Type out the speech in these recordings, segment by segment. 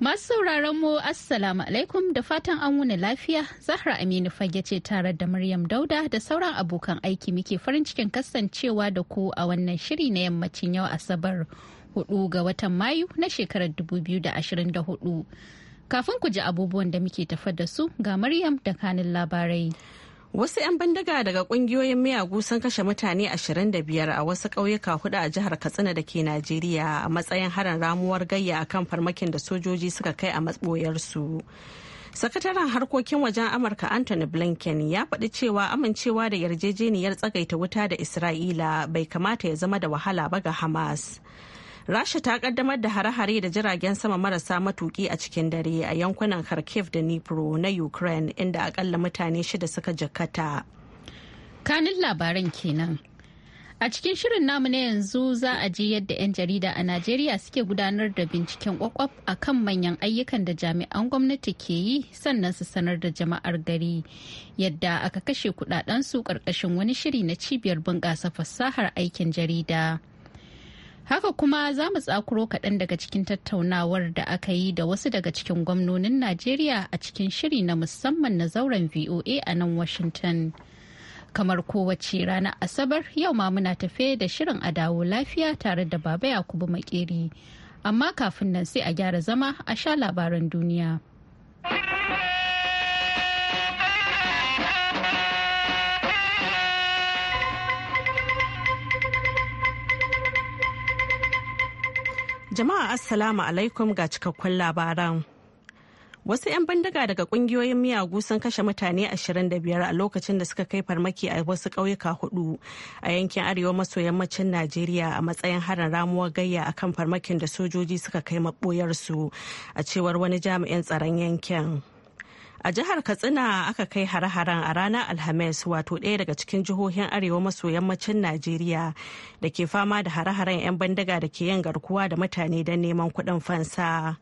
Masu sauraron mu Assalamu alaikum da fatan an wuni lafiya Zahra Aminu fage ce tare da Maryam Dauda da sauran abokan aiki muke farin cikin kasancewa da ku a wannan shiri na yammacin yau Asabar 4 ga watan Mayu na shekarar 2024. Kafin ku ji abubuwan da muke tafa da su ga Maryam da kanin labarai. Wasu 'yan bandaga daga kungiyoyin miyagu sun kashe mutane 25 a wasu ƙauyuka hudu a jihar Katsina da ke Najeriya a matsayin harin ramuwar gayya a kan farmakin da sojoji suka kai a su. Sakataren harkokin wajen Amurka Anthony Blinken ya faɗi cewa amincewa da yarjejeniyar tsagaita wuta da Isra'ila bai kamata ya zama da wahala ba ga Hamas. rasha ta kaddamar da hare-hare da jiragen sama marasa matuki a cikin dare a yankunan kharkiv da nipro na ukraine inda akalla mutane shida suka jakata kanin labaran kenan a cikin shirin namu na yanzu za a ji yadda 'yan jarida a najeriya suke gudanar da binciken kwakwaf a kan manyan ayyukan da jami'an gwamnati ke yi sannan su sanar da jama'ar gari yadda aka kashe su karkashin wani shiri na cibiyar bunƙasa fasahar aikin jarida. Haka kuma za mu tsakuro kaɗan daga cikin tattaunawar da aka yi da wasu daga cikin gwamnonin Najeriya a cikin shiri na musamman na zauren VOA a nan Washington. Kamar kowace ranar Asabar yau ma muna tafe da shirin a dawo lafiya tare da Baba Yakubu Makeri. Amma kafin nan sai a gyara zama a sha labaran duniya. Jama'a Assalamu alaikum ga cikakkun labaran. Wasu 'yan bindiga daga kungiyoyin miyagu sun kashe mutane 25 a lokacin da suka kai farmaki a wasu ƙauyuka hudu a yankin arewa maso yammacin Najeriya a matsayin harin ramuwar gayya akan farmakin da sojoji suka kai maɓoyarsu a cewar wani jami'in tsaron yankin. A jihar Katsina aka kai hare-haren a ranar Alhamis wato ɗaya daga cikin jihohin arewa maso yammacin Najeriya da ke fama da hare-haren 'yan bandiga da ke yin garkuwa da mutane don neman kuɗin fansa.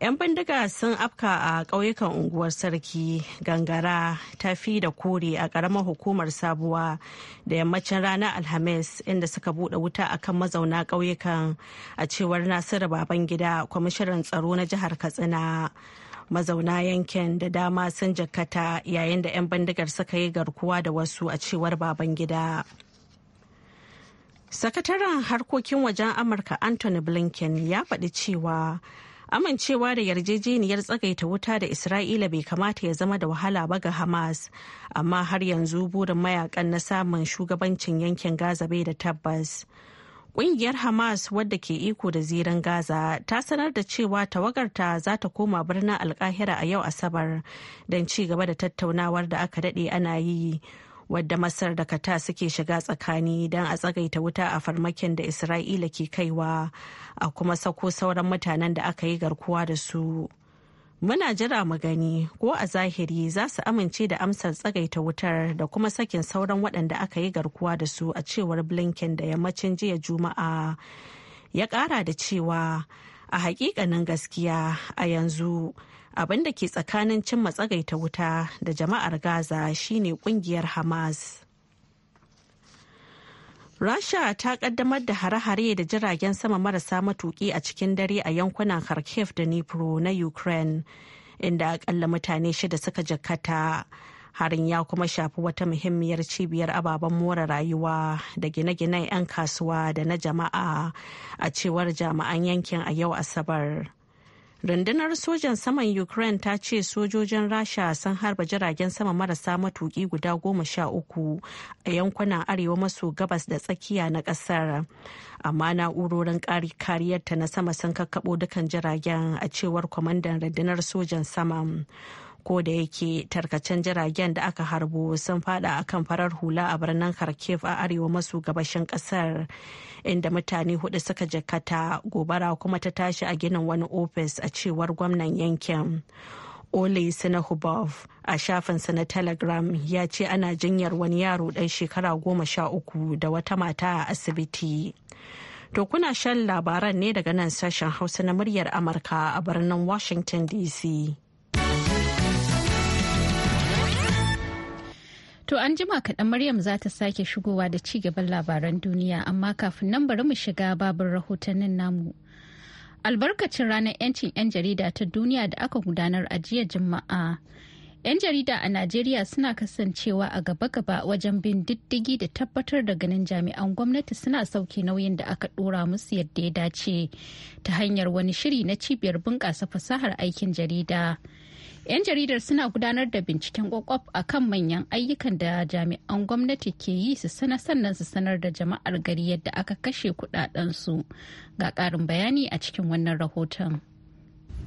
'Yan bandiga sun afka a ƙauyukan unguwar sarki gangara tafi da kore a ƙaramar hukumar sabuwa da yammacin ranar alhamis inda suka buɗe wuta a kan mazauna ƙauyukan a cewar nasiru babangida kwamishinan tsaro na jihar katsina mazauna yankin da dama sun jakata yayin da 'yan bandigar suka yi garkuwa da wasu a cewar baban gida sakataren harkokin wajen amurka anthony blinken ya faɗi cewa amincewa da yarjejeniyar tsagaita wuta da isra'ila bai kamata ya zama da wahala ba ga hamas amma har yanzu burin mayakan na samun shugabancin yankin gaza bai da tabbas Ƙungiyar Hamas wadda ke iko da ziran Gaza ta sanar da cewa tawagarta za ta koma birnin Alkahira a yau Asabar don ci gaba da tattaunawar da aka daɗe ana yi wadda Masar da Kata suke shiga tsakani don a tsagaita wuta a farmakin da Isra'ila ke kaiwa a kuma sako sauran mutanen da aka yi garkuwa da su. Muna jira mu gani ko a zahiri za su amince da amsar tsagaita wutar da kuma sakin sauran waɗanda aka yi garkuwa da su a cewar Blinken da yammacin jiya Juma'a. Ya ƙara da cewa a hakikanin gaskiya a yanzu abin da ke tsakanin cimma tsagaita wuta da jama'ar Gaza shine ƙungiyar Hamas. Rasha ta kaddamar da hare-hare da jiragen sama marasa matuki a cikin dare a yankunan Kharkiv da Dnipro na Ukraine, inda akalla mutane shida suka jakata Harin ya kuma shafi wata muhimmiyar cibiyar ababen more rayuwa da gine-ginen 'yan kasuwa da na jama'a a cewar jami'an yankin a yau Asabar. rundunar sojan saman ukraine ta ce sojojin rasha sun harba jiragen sama marasa matuki guda goma sha uku a yankunan arewa maso gabas da tsakiya na kasar amma na'urorin kariyarta na sama sun kakkaɓo dukan jiragen a cewar kwamandan rundunar sojan saman ko da yake tarkacen jiragen da aka harbo sun fada akan farar hula a birnin kharkiv a arewa maso gabashin kasar inda mutane hudu suka jakata gobara kuma ta tashi a ginin wani ofis a cewar gwamnan yankin Ole Sinahubov a shafinsa na Telegram ya ce ana jinyar wani yaro ɗan shekara goma sha uku da wata mata a asibiti. To kuna shan labaran ne daga nan sashen Hausa na muryar Amurka a birnin Washington DC. To an jima kaɗan Maryam za ta sake shigowa da ci gaban labaran duniya amma kafin nan bari mu shiga babin rahotannin namu. Albarkacin ranar 'yancin 'yan jarida ta duniya da aka gudanar a jiya Juma'a. 'Yan jarida a Najeriya suna kasancewa a gaba-gaba wajen bin diddigi da tabbatar da ganin jami'an gwamnati suna sauke nauyin da aka ɗora musu yadda ya dace ta hanyar wani shiri na cibiyar bunƙasa fasahar aikin jarida. 'Yan jaridar suna gudanar da binciken kwakwaf a kan manyan ayyukan da jami'an gwamnati ke yi su sana sannan su sanar da jama'ar gari yadda aka kashe su Ga karin bayani a cikin wannan rahoton.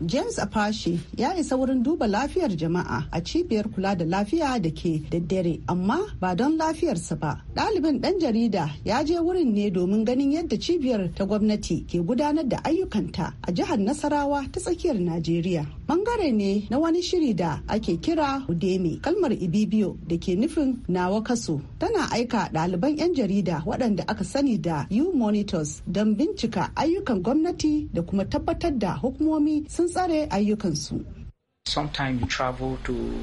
James Apache ya isa wurin duba lafiyar jama'a a cibiyar kula da lafiya da ke daddare amma ba don lafiyarsa ba. Ɗalibin ɗan jarida ya je wurin ne domin ganin yadda cibiyar ta gwamnati ke gudanar da ayyukanta a jihar Nasarawa ta tsakiyar Najeriya. bangare ne na wani shiri da ake kira Udemy. Kalmar Ibibio da ke nufin nawa kaso tana aika ɗaliban 'yan jarida waɗanda aka sani da U Monitors don bincika ayyukan gwamnati da kuma tabbatar da hukumomi sun tsare ayyukansu.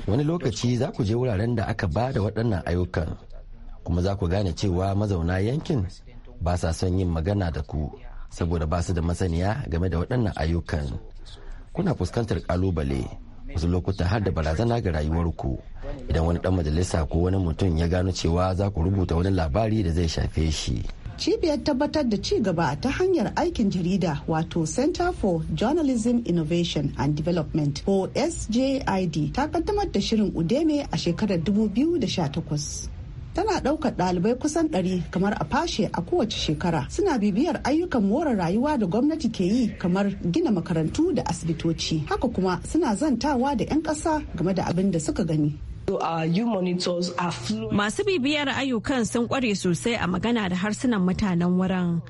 Wani lokaci za ku je wuraren da aka ba da waɗannan ayyukan, kuma za ku gane cewa mazauna yankin ba sa son yin magana da ku saboda ba su da masaniya game da waɗannan ayyukan. kuna fuskantar kalubale wasu lokuta har da barazana ga rayuwarku idan wani dan majalisa ko wani mutum ya gano cewa za ku rubuta wani labari da zai shafe shi cibiyar tabbatar da ci gaba ta hanyar aikin jarida wato center for journalism innovation and development ko sjid ta kaddamar da shirin udeme a shekarar 2018 tana ɗaukar ɗalibai kusan ɗari kamar a fashe a kowace shekara suna bibiyar ayyukan more rayuwa da gwamnati ke yi kamar gina makarantu da asibitoci haka kuma suna zantawa da 'yan ƙasa game da abin da suka gani Masu bibiyar ayyukan sun kware sosai a magana da harsunan mutanen wurin.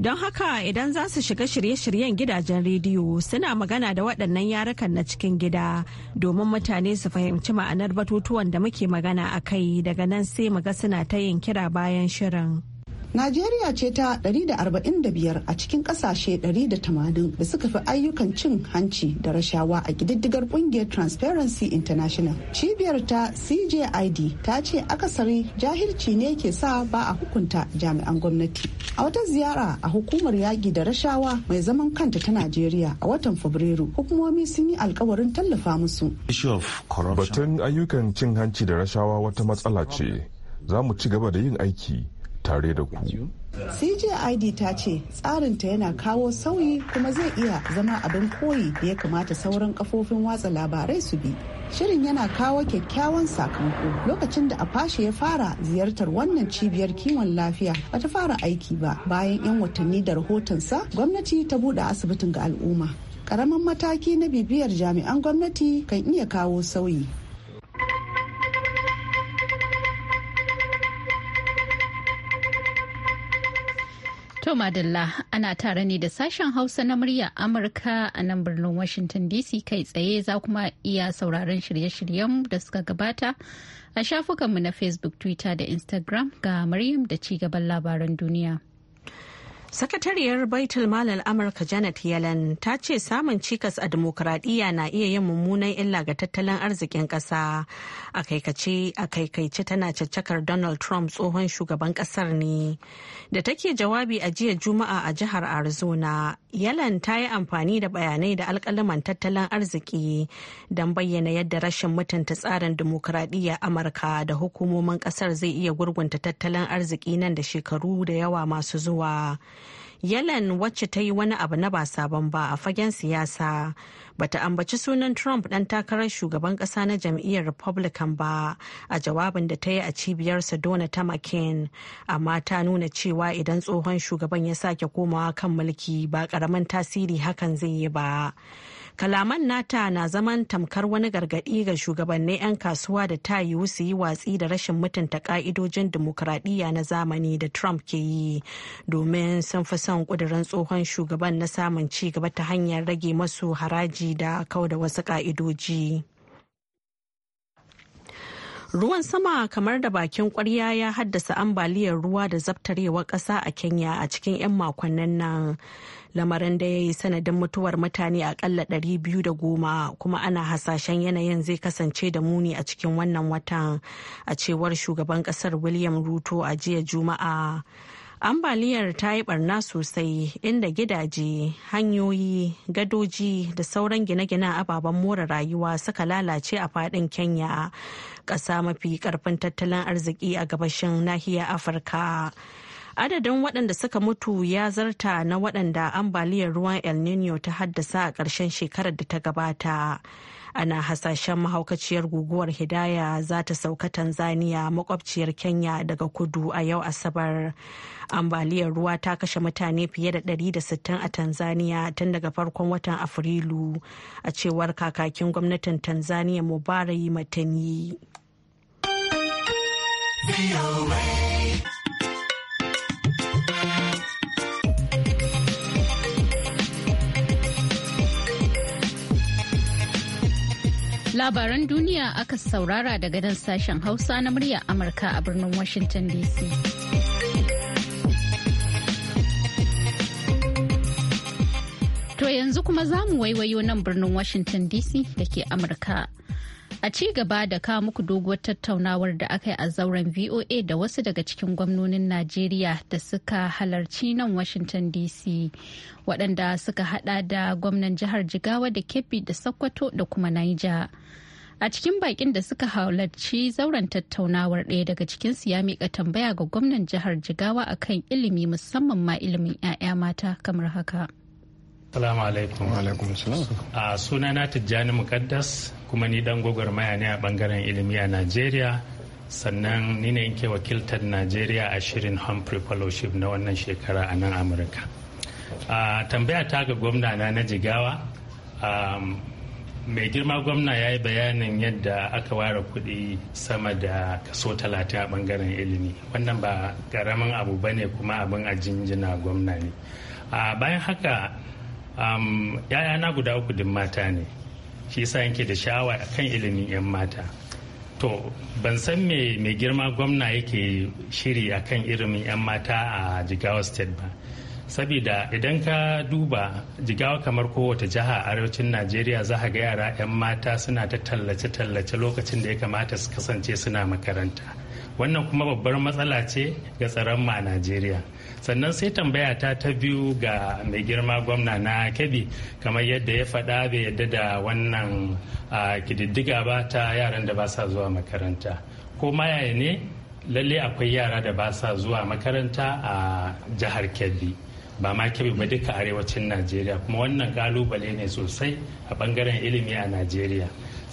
Don haka idan za su shiga shirye-shiryen gidajen rediyo suna magana da waɗannan yarukan na cikin gida domin mutane su fahimci ma'anar batutuwan da muke magana a kai daga nan sai mu ga suna ta yin kira bayan shirin. Najeriya ce ta 145 a cikin kasashe 180 da suka fi ayyukan cin hanci da rashawa a gididdigar kungiyar Transparency International. Cibiyar ta CJID ta ce akasari jahilci ne ke sa ba a hukunta jami'an gwamnati. A wata ziyara a hukumar yaƙi da rashawa mai zaman kanta ta Najeriya a watan Fabrairu, hukumomi sun yi alkawarin tallafa musu. Batun ayyukan cin hanci da rashawa wata matsala ce. Za mu ci gaba da yin aiki tare da ku. CJID ta ce tsarinta yana kawo sauyi kuma zai iya zama abin koyi da ya kamata sauran kafofin watsa labarai su bi. Shirin yana kawo kyakkyawan sakamako lokacin da a fashe ya fara ziyartar wannan cibiyar kiwon lafiya ba ta fara aiki ba bayan 'yan watanni da rahotonsa gwamnati ta buɗe asibitin ga al'umma. ƙaramin mataki na bibiyar jami'an gwamnati kan iya kawo sauyi. To Madalla ana tare ne da sashen Hausa na murya Amurka a nan birnin Washington DC kai tsaye za kuma iya sauraron shirye-shiryen da suka gabata a shafukanmu na Facebook, Twitter da Instagram ga Maryam da ci gaban labaran duniya. Sakatariyar Baitul Malal Amurka Janet Yellen ta ce samun cikas a demokuraɗiyya na iya yin mummunan illa ga tattalin arzikin ƙasa. A kaikace a kaikaice tana caccakar Donald Trump tsohon shugaban ƙasar ne. Da take jawabi a jiya Juma'a a jihar Arizona, Yellen ta yi amfani da bayanai da alkalaman tattalin arziki don bayyana yadda rashin mutunta tsarin demokuraɗiyya Amurka da hukumomin ƙasar zai iya gurgunta tattalin arziki nan da shekaru da yawa masu zuwa. Yellen wacce ta yi wani abu na ba sabon ba a fagen siyasa bata ambaci sunan Trump ɗan takarar shugaban ƙasa na jam'iyyar Republican ba a jawabin da ta yi a cibiyar dona ta McCain, amma ta nuna cewa idan tsohon shugaban ya sake komawa kan mulki ba ƙaramin tasiri hakan zai yi ba. kalaman nata na zaman tamkar wani gargadi ga shugabannin 'yan kasuwa da ta yiwu su yi watsi da rashin mutunta ka'idojin dimokuraɗiyya na zamani da trump ke yi domin sun fi son ƙudurin tsohon shugaban na samun ci gaba ta hanyar rage masu haraji da kauda wasu ka'idoji. Ruwan sama kamar da bakin kwarya ya haddasa ambaliyar ruwa da zabtarewar ƙasa a Kenya a cikin 'yan makonnin nan. lamarin da ya yi sanadin mutuwar mutane akalla goma kuma ana hasashen yanayin zai kasance da muni a cikin wannan watan a cewar shugaban kasar william ruto a jiya juma'a ambaliyar ta yi barna sosai inda gidaje hanyoyi gadoji da sauran gine-ginen ababen more rayuwa suka lalace a fadin kenya ƙasa mafi karfin tattalin arziki a gabashin nahiyar afirka Adadin waɗanda suka mutu ya zarta na waɗanda ambaliyar ruwan El Nino ta haddasa a ƙarshen shekarar da ta gabata. Ana hasashen mahaukaciyar guguwar Hidaya za ta sauka Tanzania makwabciyar Kenya daga kudu a yau Asabar. Ambaliyar ruwa ta kashe mutane fiye da 160 a Tanzania tun daga farkon watan Afrilu, a cewar kakakin gwamnatin Tanzania mubarai Matani. Labaran duniya aka saurara daga nan sashen Hausa na murya Amurka a birnin Washington DC. To yanzu kuma za mu waiwayo nan birnin Washington DC da ke Amurka. a ci gaba da kawo muku doguwar tattaunawar da aka yi a zauren voa da wasu daga cikin gwamnonin najeriya da suka halarci nan washington dc waɗanda suka hada da gwamnan jihar jigawa da kebbi da sokoto da kuma niger a cikin bakin da suka halarci zauren tattaunawar ɗaya daga cikinsu ya mika tambaya ga gwamnan jihar jigawa akan ilimi musamman ma ilimin 'ya'ya mata kamar haka. Salamu alaikum. Alaikum salam. A sunana Tijjani Mukaddas kuma ni dan gwagwarmaya ne a bangaren ilimi a Najeriya. Sannan ni ne ke wakiltar Najeriya a shirin Humphrey Fellowship na wannan shekara a nan Amurka. A tambaya ta ga gwamna na na jigawa. mai girma gwamna ya yi bayanin yadda aka ware kuɗi sama da kaso talatin a bangaren ilimi wannan ba karamin abu ba ne kuma abin a jinjina gwamna ne bayan haka um, ‘ya'yana guda uku din mata ne shi yasa yanke da sha'awa a kan ilimin 'yan mata to ban san me mai girma gwamna yake shiri a kan ilimin 'yan mata a jigawa state ba sabida idan ka duba jigawa kamar kowace jiha arewacin najeriya za ga yara 'yan mata suna ta tallace-tallace lokacin da ya kamata su kasance suna makaranta wannan kuma babbar matsala ce ga tsaron ma a najeriya sannan sai tambaya ta ta biyu ga mai girma gwamna na kebbi kamar yadda ya faɗa bai yadda da wannan kididdiga ba ta yaran da ba sa zuwa makaranta ko yaya ne lalle akwai yara da ba sa zuwa makaranta a jihar kebbi ba ma kebi ba duka arewacin najeriya kuma wannan kalubale ne sosai a bangaren ilimi a najeriya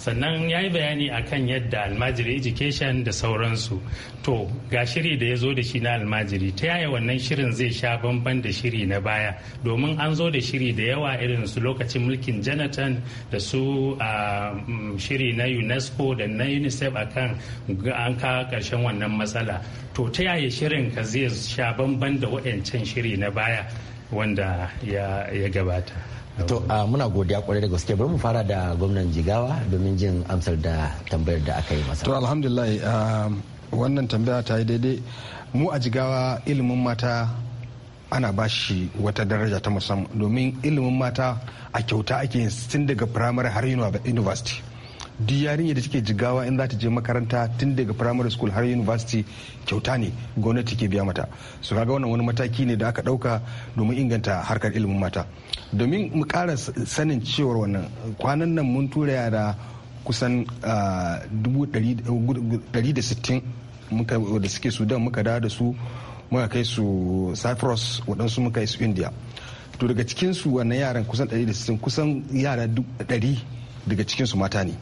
sannan ya yi bayani akan yadda almajiri education da sauransu to ga shiri da ya zo da shi na almajiri ta yaya wannan shirin zai sha bamban da shiri na baya domin an zo da shiri da yawa irin su lokacin mulkin jonathan da su mm, shiri na unesco da na unicef akan an kawo karshen wannan matsala to ta yaya shirin ka zai sha bamban da waɗancan shiri na baya wanda ya gabata To muna godiya kwarai da gaske bari mu fara da gwamnan jigawa domin jin amsar da tambayar da aka yi masa. To alhamdulillah wannan tambaya ta yi daidai mu a jigawa ilimin mata ana ba shi wata daraja ta musamman domin ilimin mata a kyauta ake yin tun daga firamare har university. duk yarinya da take jigawa in za ta je makaranta tun daga primary school har university kyauta ne gwamnati ke biya mata su kaga wannan wani mataki ne da aka dauka domin inganta harkar ilimin mata domin mu kara sanin cewar wannan kwanan nan mun tura yara kusan 160 ah, da suke sudan muka dawo da su muka kai su cyprus waɗansu muka kai su india to daga cikinsu wannan yaran kusan 160 kusan yara 100 daga cikinsu mata ne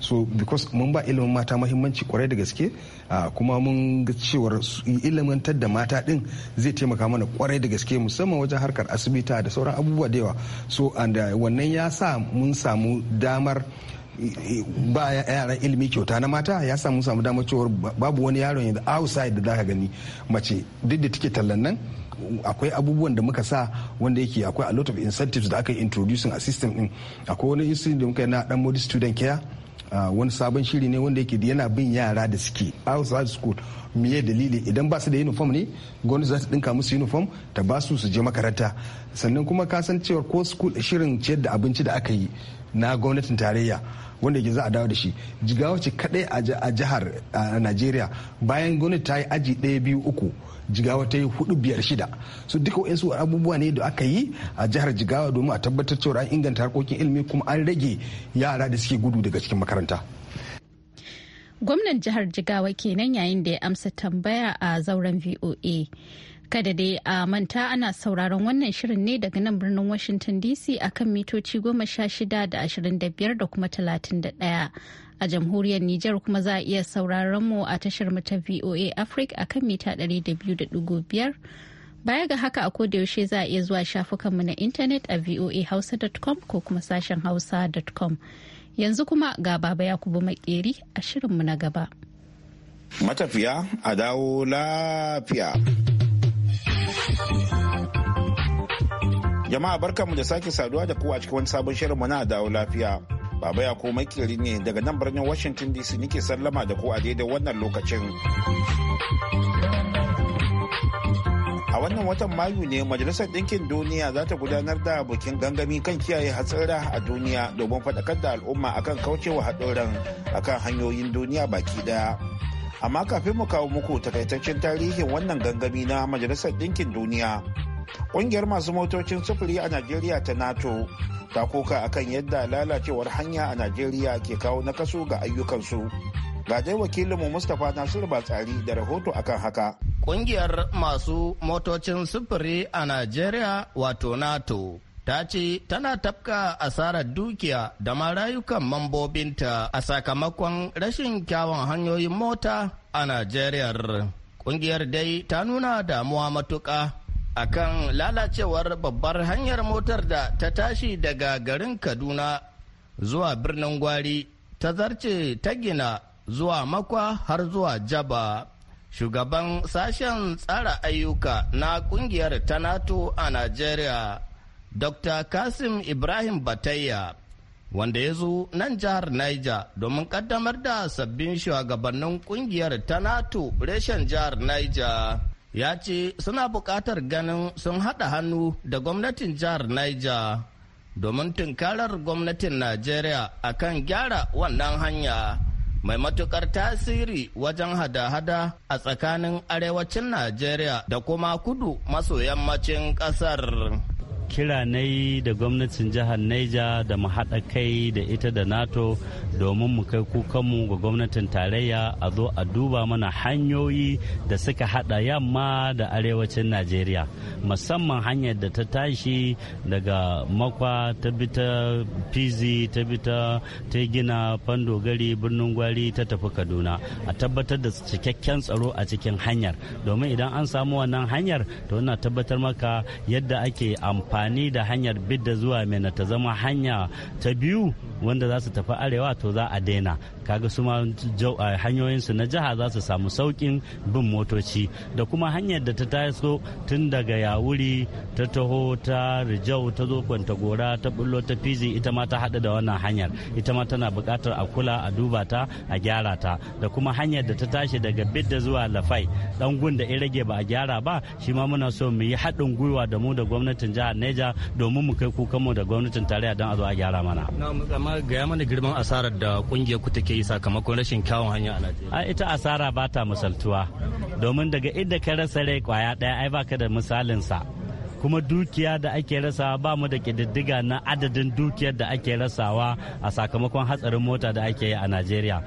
so because mun ba ilimin mata mahimmanci kwarai da gaske kuma mun ga cewar ilimantar da mata din zai taimaka mana kwarai da gaske musamman wajen harkar asibita da sauran abubuwa da yawa so and uh, wannan ya sa mun samu damar ba yaran ilimi kyauta na mata ya samu samu damar cewar babu wani yaron yanzu outside da zaka gani mace duk da take tallan nan akwai abubuwan da muka sa wanda yake akwai a lot of incentives da aka introducing a system din akwai wani institute da muka yi na dan student care wani sabon shiri ne wanda yake yana bin yara da suke outside school miye dalili idan ba su da uniform ne gwamnati za ta dinka musu uniform ta ba su su je makaranta sannan kuma ka san cewa ko school shirin ciyar da abinci da aka yi na gwamnatin tarayya wanda yake za a dawo da shi jigawa ce kadai a jihar a najeriya bayan gwamnati ta yi aji ɗaya biyu uku jigawa ta yi hudu biyar shida su duka su abubuwa ne da aka yi a jihar jigawa domin a tabbatar cewa an inganta harkokin ilimi kuma an rage yara da suke gudu daga cikin makaranta gwamnan jihar jigawa kenan yayin da ya amsa tambaya a zauren voa kada dai a manta ana sauraron wannan shirin ne daga nan birnin washington dc akan mitoci goma sha shida da ashirin da biyar da kuma talatin da daya. A jamhuriyar Nijar kuma za a iya sauraron mu a tashar mu ta VOA Africa akan mita 200.5. Baya ga haka a yaushe za a iya zuwa shafukanmu na intanet a voahausa.com ko kuma sashen hausa.com. Yanzu kuma ga baba Yakubu makeri a shirinmu na gaba. Matafiya a dawo lafiya. Jama'a barkanmu da sake saduwa da kowa cikin wani sabon mu na dawo lafiya. Baba ya komai kiri ne daga nan birnin Washington DC nike sallama da ku a daidai wannan lokacin. A wannan watan Mayu ne Majalisar Ɗinkin Duniya za ta gudanar da bikin gangami kan kiyaye hatsira a duniya domin faɗakar da al'umma akan kaucewa haɗuran akan hanyoyin duniya baki ɗaya Amma kafin mu kawo muku takaitaccen tarihin wannan gangami na Majalisar Ɗinkin Duniya. Ƙungiyar masu motocin sufuri a Najeriya ta NATO ta koka akan yadda lalacewar hanya a Najeriya ke kawo nakasu ga ayyukansu. ga dai wakilinmu mustapha nasiru batsari da rahoto akan haka Ƙungiyar masu motocin sufuri a najeriya wato nato ta ce tana tafka asarar dukiya da ma rayukan mambobinta a sakamakon rashin kyawun hanyoyin mota a najeriya Ƙungiyar dai ta nuna damuwa matuƙa akan lalacewar babbar hanyar motar da ta tashi daga garin kaduna zuwa birnin gwari ta zarce ta gina zuwa makwa har zuwa jaba shugaban sashen tsara ayyuka na kungiyar ta nato a nigeria dr kasim ibrahim batayya wanda ya zo nan jihar niger domin kaddamar da sabbin shugabannin kungiyar ta nato reshen jihar niger ya ce suna buƙatar ganin sun haɗa hannu da gwamnatin jihar Niger domin tunkarar gwamnatin Najeriya kan gyara wannan hanya mai matuƙar tasiri wajen hada-hada a tsakanin arewacin Najeriya da kuma kudu maso yammacin ƙasar. kira na yi da gwamnatin jihar Neja da mu haɗa kai da ita da NATO domin mu kai kukanmu ga gwamnatin tarayya a zo a duba mana hanyoyi da suka haɗa yamma da arewacin Najeriya musamman hanyar da ta tashi daga makwa ta bita pizi ta bita ta gina fandogari birnin gwari ta tafi Kaduna a tabbatar da cikakken tsaro a cikin hanyar domin idan an samu wannan hanyar to ina tabbatar maka yadda ake amfani amfani da hanyar bidda zuwa na ta zama hanya ta biyu wanda za su tafi arewa to za a daina kaga su ma hanyoyinsu na jiha za su samu saukin bin motoci da kuma hanyar da ta taso tun daga yawuri ta taho ta rijau ta zo kwanta gora ta bullo ta fizi ita ma ta haɗu da wannan hanyar ita ma tana bukatar a kula a duba ta a gyara ta da kuma hanyar da ta tashi daga bidda zuwa lafai dan gun da irage rage ba a gyara ba shi ma muna so mu yi haɗin gwiwa da mu da gwamnatin jihar neja domin mu kai kukanmu da gwamnatin tarayya don a zo a gyara mana. na gaya mana girman asarar da kungiyar ku take yi sakamakon rashin kyawun hanya a Najeriya. ita asara ba ta misaltuwa domin daga inda ka rasa rai kwaya ɗaya ai baka da misalinsa kuma dukiya da ake rasawa ba mu da ƙididdiga na adadin dukiyar da ake rasawa a sakamakon hatsarin mota da ake yi a Najeriya.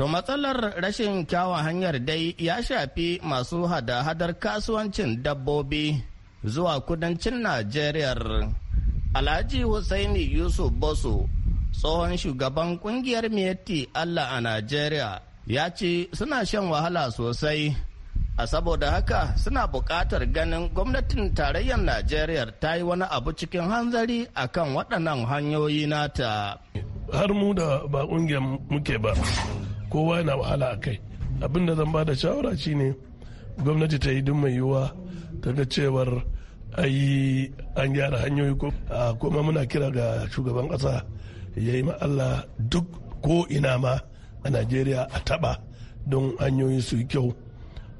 To matsalar rashin kyawun hanyar dai ya shafi masu hada-hadar kasuwancin dabbobi zuwa kudancin Najeriya. Alhaji Hussaini Yusuf Boso tsohon shugaban kungiyar miyatti Allah a Najeriya ya ce suna shan wahala sosai a saboda haka suna buƙatar ganin gwamnatin tarayyar Najeriya ta yi wani abu cikin hanzari a kan waɗannan hanyoyi nata. Har mu da ba ƙungiyar muke ba, kowa yana wahala a kai. Abin da zan ba da shawara shi ne gwamnati ta yi dumayuwa mai yiwuwa ta ga cewar ayi an gyara hanyoyi ko kuma muna kira ga shugaban ƙasa ya yi Allah duk ko ina ma a Najeriya a taɓa don hanyoyin su yi kyau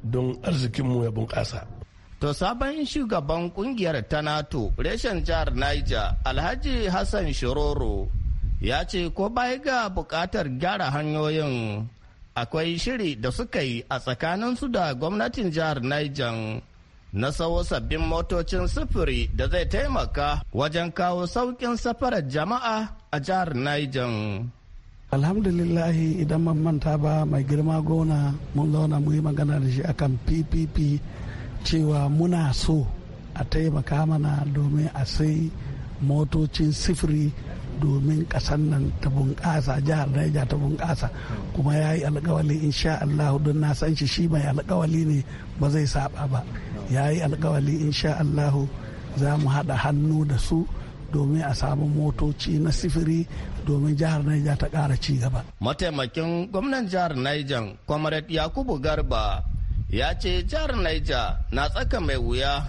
don arzikinmu ya bunƙasa. To sabon shugaban kungiyar ta NATO reshen jihar Niger Alhaji Hassan Shiroro ya ce ko baya ga buƙatar gyara hanyoyin akwai shiri da suka yi a tsakanin su da gwamnatin jihar Niger na sawo sabbin motocin sufuri da zai taimaka wajen kawo sauƙin safarar jama'a a jihar Niger. alhamdulillahi idan man manta ba mai girma gona mun zauna mu yi magana da shi akan ppp cewa muna so a taimaka mana domin a sai motocin sifiri domin kasan nan ta bunƙasa jihar Niger ta bunƙasa kuma ya yi alkawali insha Allah don na san shi shi mai alkawali ne ba zai saba ba ya yi alkawali insha allahu za mu haɗa hannu da su domin a samu motoci na sifiri domin jihar Niger ta ƙara ci gaba. Mataimakin gwamnan jihar Niger, Comrade Yakubu Garba, ya ce jihar Niger na tsaka mai wuya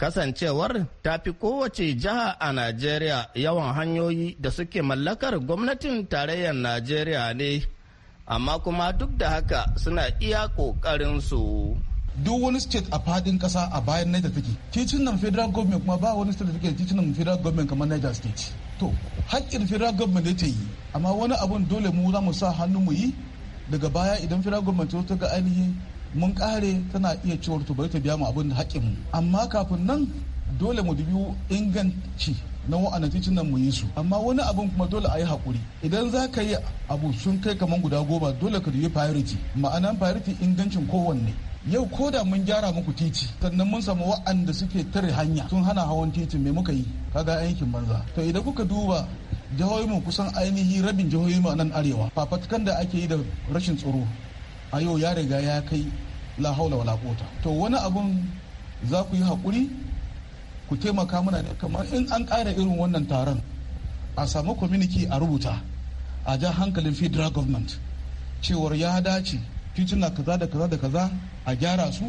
kasancewar ta fi kowace jiha a Najeriya yawan hanyoyi da suke mallakar gwamnatin tarayyar Najeriya ne, amma kuma duk da haka suna iya ƙoƙarinsu. duk wani state a fadin kasa a bayan Niger take titin nan federal government kuma ba wani state da take titin nan federal government kamar Niger state to haƙƙin federal government ne ta yi amma wani abun dole mu za mu sa hannu mu yi daga baya idan federal government ta ga ainihin mun kare tana iya cewar to bari ta biya mu abun da haƙƙin mu amma kafin nan dole mu dubi inganci na wa'annan titin nan mu yi su amma wani abun kuma dole a yi haƙuri idan za ka yi abu sun kai kamar guda goma dole ka dubi priority ma'anan priority ingancin kowanne yau ko da mun gyara muku titi sannan mun samu wa'anda suke tare hanya sun hana hawan titin mai muka yi kaga yankin banza to idan kuka duba jihohinmu kusan ainihi rabin jihohinmu a nan arewa fafatukan da ake yi da rashin tsoro a yau ya riga ya kai la haula wala quwata to wani abun za ku yi hakuri ku taimaka mana ne? kamar in an ƙara irin wannan taron a samu community a rubuta a ja hankalin federal government cewar ya dace tituna kaza da kaza da kaza a gyara su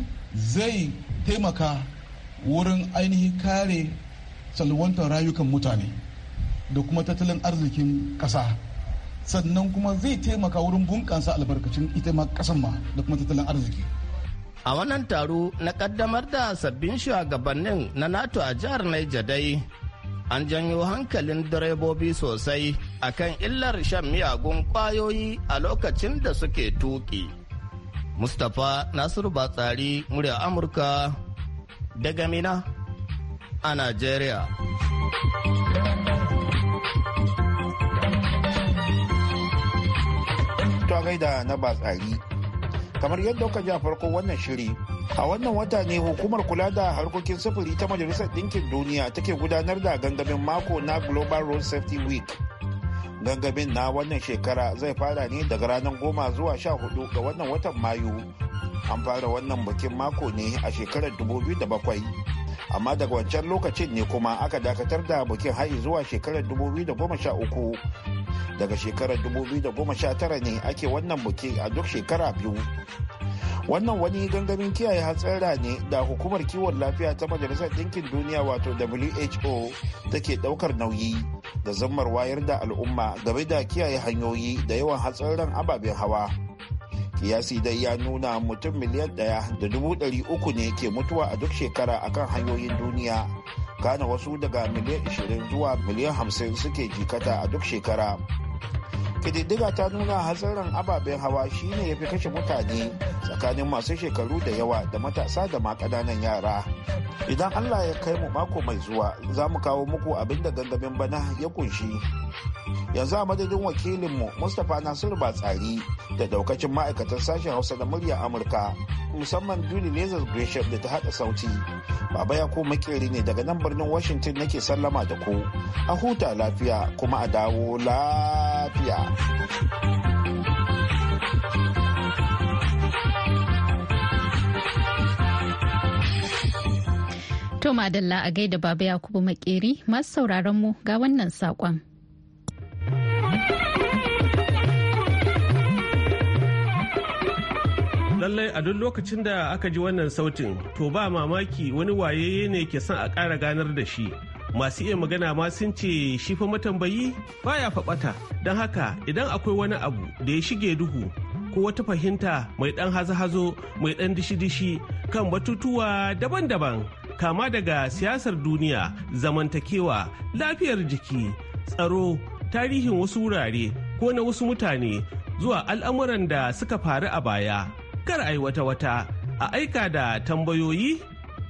zai taimaka wurin ainihi kare salwantar rayukan mutane da kuma tattalin arzikin kasa sannan kuma zai taimaka wurin bunƙasa albarkacin ita ma kasan ma da kuma tattalin arziki a wannan taro na kaddamar da sabbin shugabannin na nato a jihar Niger dai an janyo hankalin direbobi sosai akan illar shan miyagun kwayoyi a lokacin da suke tuki. Mustapha Nasiru Batsari murya Amurka daga Mina a Najeriya. To gaida na Batsari. Kamar yadda kuka ji a farko wannan shiri, a wannan wata ne hukumar kula da harkokin sufuri ta Majalisar Ɗinkin Duniya take gudanar da gangamin mako na Global Road Safety Week. gangamin na wannan shekara zai fara ne daga ranar goma zuwa sha hudu ga wannan watan mayu an fara wannan bikin mako ne a shekarar 2007 amma daga wancan lokacin ne kuma aka dakatar da bikin haihu zuwa shekarar 2013 daga shekarar 2019 ne ake wannan biki a duk shekara biyu wannan wani gangamin kiyaye hatsara ne da hukumar kiwon lafiya ta majalisar ɗinkin duniya wato who take ɗaukar nauyi da zammar wayar da al'umma game da kiyaye hanyoyi da yawan hatsarin ababen hawa kiyasi dai ya nuna mutum miliyan daya da dubu dari uku ne ke mutuwa a duk shekara akan hanyoyin duniya kana wasu daga miliyan 20 zuwa miliyan 50 suke jikata a duk shekara kididdiga ta nuna hatsarin ababen hawa shine ya fi kashe mutane tsakanin masu shekaru da yawa da matasa da ma kananan yara idan allah ya kai mu mako mai zuwa za mu kawo muku abin da gangamin bana ya kunshi yanzu a madadin wakilinmu mustapha nasiru batsari da daukacin ma'aikatan sashen hausa da murya amurka musamman juli lazar gresham da ta haɗa sauti baba ya koma makeri ne daga nan birnin washington nake sallama da ku a huta lafiya kuma a dawo lafiya To Madalla a gaida Baba Yakubu Makeri masu sauraron mu ga wannan saƙon. Lallai a duk lokacin da aka ji wannan sautin to ba mamaki wani waye ne ke son a ƙara ganar da shi. masu iya magana ma sun ce shi fa matambayi baya faɓata don haka idan akwai wani abu da ya shige duhu ko wata fahimta mai ɗan hazo-hazo mai ɗan dishi-dishi kan batutuwa daban-daban kama daga siyasar duniya zamantakewa lafiyar jiki tsaro tarihin wasu wurare ko na wasu mutane zuwa al'amuran da suka faru a baya kar ai wata-wata a aika da tambayoyi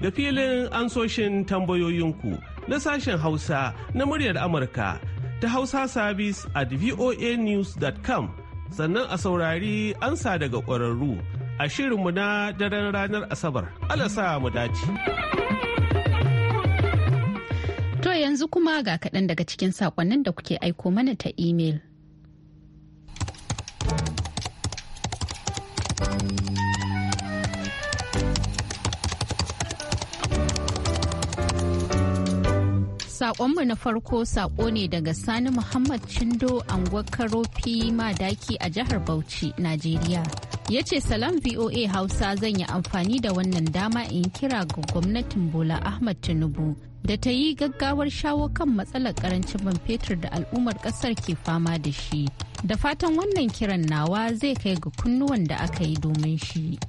da filin ansoshin tambayoyinku na sashen Hausa na muryar Amurka ta Hausa Service at voanews.com sannan a saurari ansa daga ƙwararru a shirinmu na daren ranar Asabar. Alasa mu dace. To yanzu kuma ga kaɗan daga cikin saƙonnin da kuke aiko mana ta imel. Sakonmu na farko sako ne daga Sani Muhammad cindo anguwar Karofi Madaki a jihar Bauchi, Najeriya. Ya ce salam VOA Hausa zan yi amfani da wannan dama in kira ga gwamnatin Bola Ahmad Tinubu da ta yi gaggawar shawo kan matsalar karancin man fetur da al'ummar kasar ke fama da shi. Da fatan wannan kiran nawa zai kai ga kunnuwan da aka yi domin shi.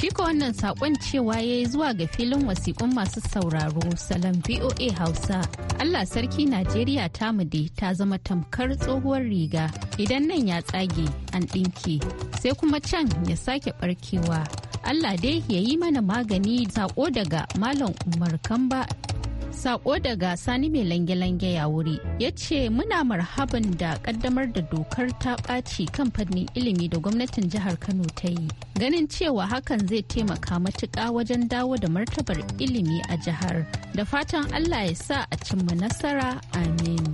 Shi ko wannan saƙon cewa ya yi zuwa ga filin wasiƙun masu sauraro salam VOA Hausa. Allah sarki Najeriya ta mude ta zama tamkar tsohuwar riga idan nan ya tsage an ɗinke sai kuma can ya sake ɓarkewa. Allah dai ya yi mana magani saƙo daga Malam Umar Kamba Sako daga Sani mai lange-lange ya wuri ya ce muna marhaban da kaddamar da dokar ta ɓaci kan fannin ilimi da gwamnatin jihar Kano ta yi. Ganin cewa hakan zai taimaka matuka wajen dawo da martabar ilimi a jihar. Da fatan Allah ya sa a cimma nasara. Amin.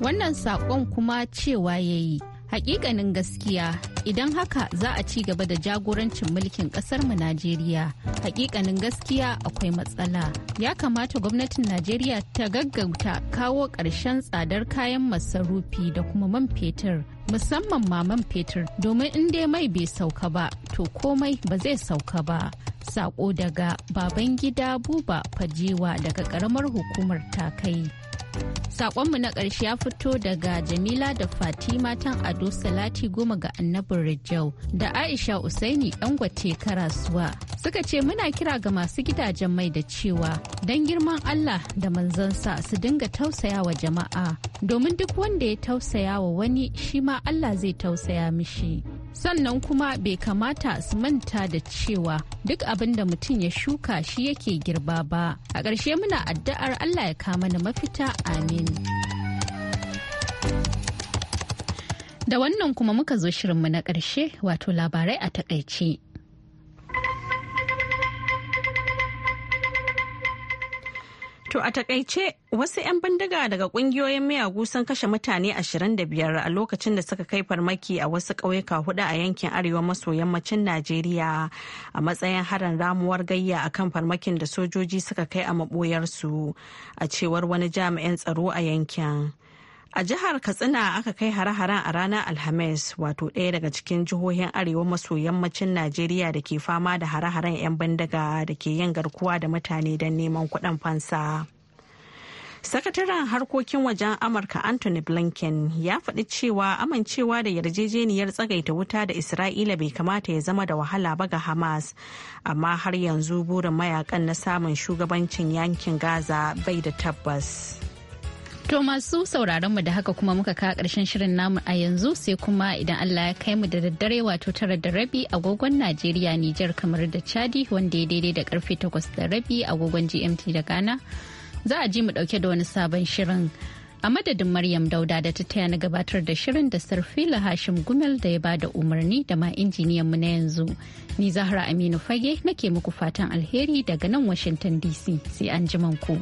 Wannan saƙon kuma cewa ya yi. hakikanin gaskiya idan haka za a ci gaba da jagorancin mulkin mu najeriya hakikanin gaskiya akwai matsala ya kamata gwamnatin najeriya ta gaggauta kawo ƙarshen tsadar kayan masarufi da kuma man fetur musamman ma man fetur domin in dai mai bai sauka ba to komai ba zai sauka ba sako daga babangida buba fajewa daga ƙaramar hukumar takai Sakonmu na ƙarshe ya fito daga Jamila da Fatima tan Ado Salati goma ga annabin Rijau da Aisha Usaini gwate Karasuwa. Suka ce muna kira ga masu gidajen mai da cewa don girman Allah da manzansa su dinga tausaya wa jama'a domin duk wanda ya tausaya wa wani shi ma Allah zai tausaya mishi. sannan kuma bai kamata su manta da cewa duk abin da mutum ya shuka shi yake girba ba a ƙarshe muna addu'ar allah ya kama mana mafita amin da wannan kuma muka zo shirinmu na ƙarshe wato labarai a taƙaice. To a takaice wasu 'yan bindiga daga kungiyoyin miyagu sun kashe mutane 25 a lokacin da suka kai farmaki a wasu ƙauyuka hudu a yankin arewa maso yammacin Najeriya a matsayin harin ramuwar gayya a kan farmakin da sojoji suka kai a maɓoyarsu a cewar wani jami'in tsaro a yankin. A jihar Katsina aka kai hare-haren a ranar Alhamis wato ɗaya daga cikin jihohin arewa maso yammacin Najeriya da ke fama da hare-haren 'yan bindiga da ke yin garkuwa da mutane don neman kuɗin fansa. Sakataren harkokin wajen Amurka Anthony Blinken ya faɗi cewa amincewa da yarjejeniyar tsagaita wuta da Isra'ila bai kamata ya zama da wahala ba ga Hamas, amma har yanzu burin mayakan na samun shugabancin yankin Gaza bai da tabbas. To masu sauraron mu da haka kuma muka kawo ƙarshen shirin namu a yanzu sai kuma idan Allah ya kai mu da daddare wato tara da rabi agogon Najeriya Nijar kamar da Chadi wanda ya daidai da karfe takwas da rabi agogon GMT da Ghana. Za a ji mu dauke da wani sabon shirin a madadin Maryam Dauda da ta taya na gabatar da shirin da Sarfila Hashim Gumel da ya bada umarni da ma injiniyan mu na yanzu. Ni Zahra Aminu Fage nake muku fatan alheri daga nan Washington DC sai an ku.